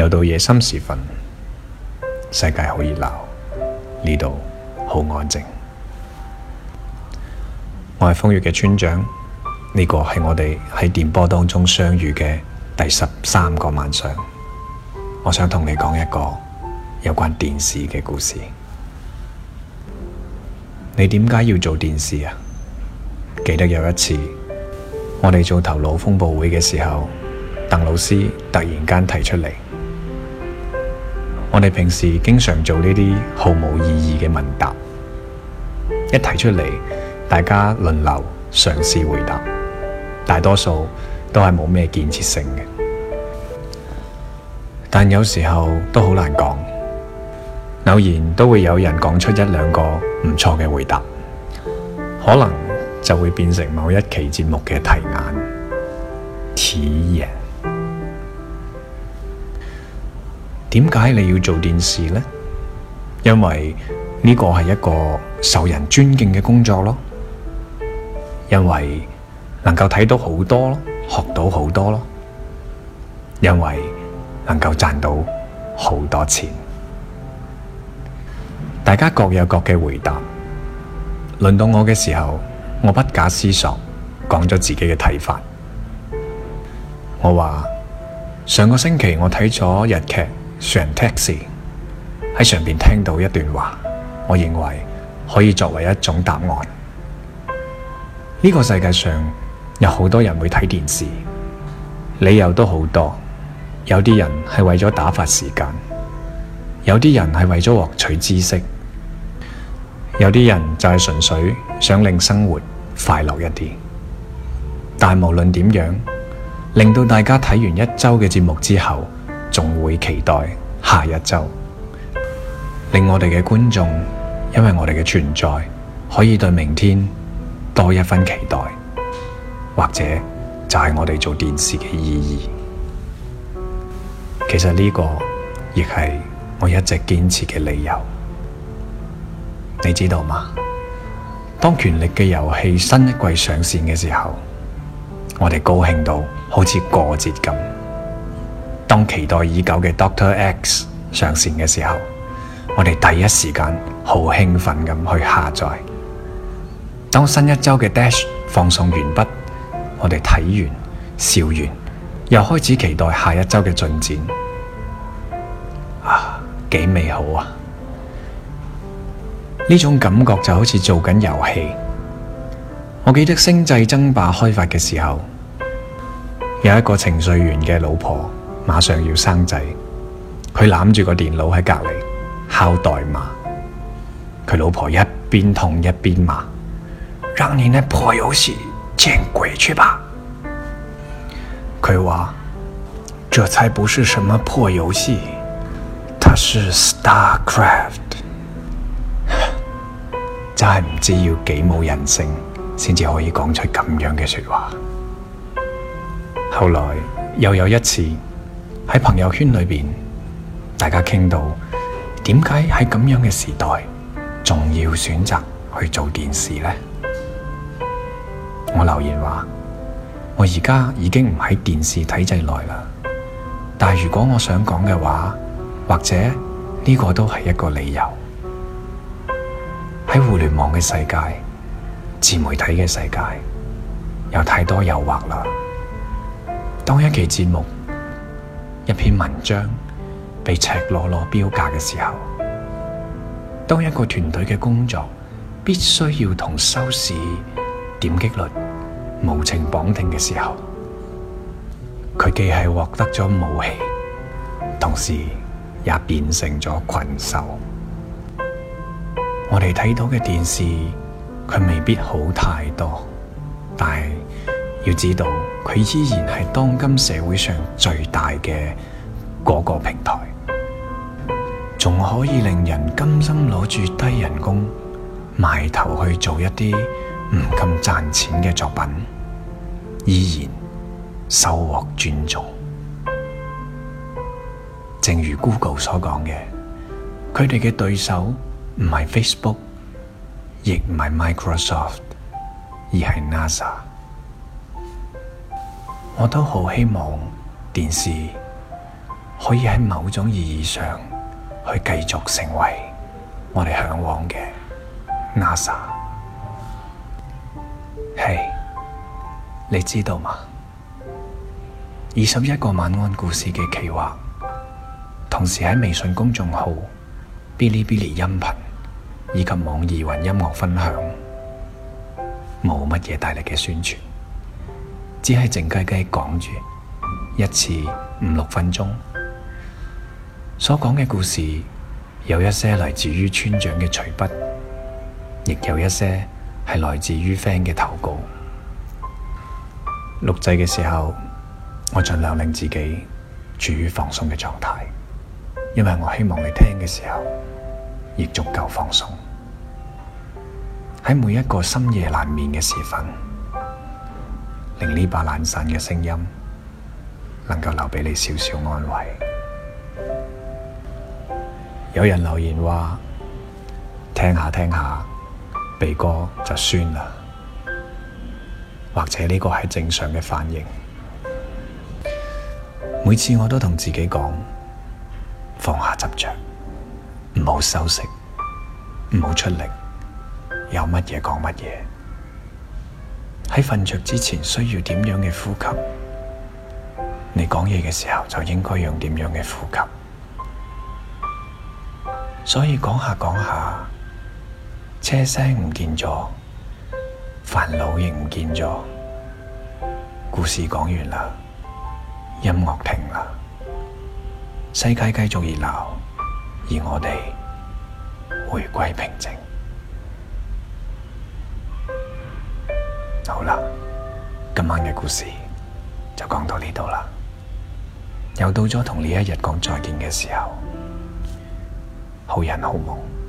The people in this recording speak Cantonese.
又到夜深時分，世界好熱鬧，呢度好安靜。我係風月嘅村長，呢個係我哋喺電波當中相遇嘅第十三個晚上。我想同你講一個有關電視嘅故事。你點解要做電視啊？記得有一次我哋做頭腦風暴會嘅時候，鄧老師突然間提出嚟。我哋平時經常做呢啲毫無意義嘅問答，一提出嚟，大家輪流嘗試回答，大多數都係冇咩建設性嘅。但有時候都好難講，偶然都會有人講出一兩個唔錯嘅回答，可能就會變成某一期節目嘅題眼。題眼。點解你要做電視呢？因為呢個係一個受人尊敬嘅工作咯，因為能夠睇到好多咯，學到好多咯，因為能夠賺到好多錢。大家各有各嘅回答，輪到我嘅時候，我不假思索講咗自己嘅睇法。我話上個星期我睇咗日劇。常 taxi 喺上面聽到一段話，我認為可以作為一種答案。呢、這個世界上有好多人會睇電視，理由都好多。有啲人係為咗打發時間，有啲人係為咗獲取知識，有啲人就係純粹想令生活快樂一啲。但無論點樣，令到大家睇完一周嘅節目之後。仲會期待下一周，令我哋嘅觀眾因為我哋嘅存在，可以對明天多一分期待，或者就係我哋做電視嘅意義。其實呢個亦係我一直堅持嘅理由，你知道嗎？當權力嘅遊戲新一季上線嘅時候，我哋高興到好似過節咁。當期待已久嘅 Doctor X 上線嘅時候，我哋第一時間好興奮咁去下載。當新一周嘅 Dash 放送完畢，我哋睇完笑完，又開始期待下一周嘅進展。啊，幾美好啊！呢種感覺就好似做緊遊戲。我記得星際爭霸開發嘅時候，有一個程序員嘅老婆。馬上要生仔，佢攬住個電腦喺隔籬敲代碼，佢老婆一邊痛一邊罵：讓你呢破遊戲見鬼去吧！佢話說，這才不是什麼破遊戲，它是 StarCraft，真係 唔知要幾冇人性，先至可以講出咁樣嘅說話。後來又有一次。喺朋友圈裏面，大家傾到點解喺咁樣嘅時代，仲要選擇去做電視呢？我留言話：我而家已經唔喺電視體制內啦。但如果我想講嘅話，或者呢個都係一個理由。喺互聯網嘅世界，自媒體嘅世界，有太多誘惑啦。當一期節目。一篇文章被赤裸裸標價嘅時候，當一個團隊嘅工作必須要同收視、點擊率無情綁定嘅時候，佢既係獲得咗武器，同時也變成咗群獸。我哋睇到嘅電視，佢未必好太多，但係要知道。佢依然係當今社會上最大嘅嗰個平台，仲可以令人甘心攞住低人工，埋頭去做一啲唔咁賺錢嘅作品，依然收穫尊重。正如 Google 所講嘅，佢哋嘅對手唔係 Facebook，亦唔係 Microsoft，而係 NASA。我都好希望電視可以喺某種意義上去繼續成為我哋向往嘅 NASA。Hey, 嘿，你知道嗎？二十一個晚安故事嘅企劃，同時喺微信公眾號、嗶哩嗶哩音頻以及網易雲音樂分享，冇乜嘢大力嘅宣傳。只係靜雞雞講住一次五六分鐘，所講嘅故事有一些嚟自於村長嘅隨筆，亦有一些係嚟自於 friend 嘅投稿。錄製嘅時候，我盡量令自己處於放鬆嘅狀態，因為我希望你聽嘅時候，亦足夠放鬆。喺每一個深夜難眠嘅時分。令呢把懶散嘅聲音能夠留畀你少少安慰。有人留言話：聽下聽下，鼻哥就酸啦。或者呢個係正常嘅反應。每次我都同自己講：放下執着，唔好修飾，唔好出力，有乜嘢講乜嘢。喺瞓著之前需要點樣嘅呼吸？你講嘢嘅時候就應該用點樣嘅呼吸？所以講下講下，車聲唔見咗，煩惱亦唔見咗，故事講完啦，音樂停啦，世界繼續熱鬧，而我哋回歸平靜。好啦，今晚嘅故事就講到呢度啦，又到咗同呢一日講再見嘅時候，好人好夢。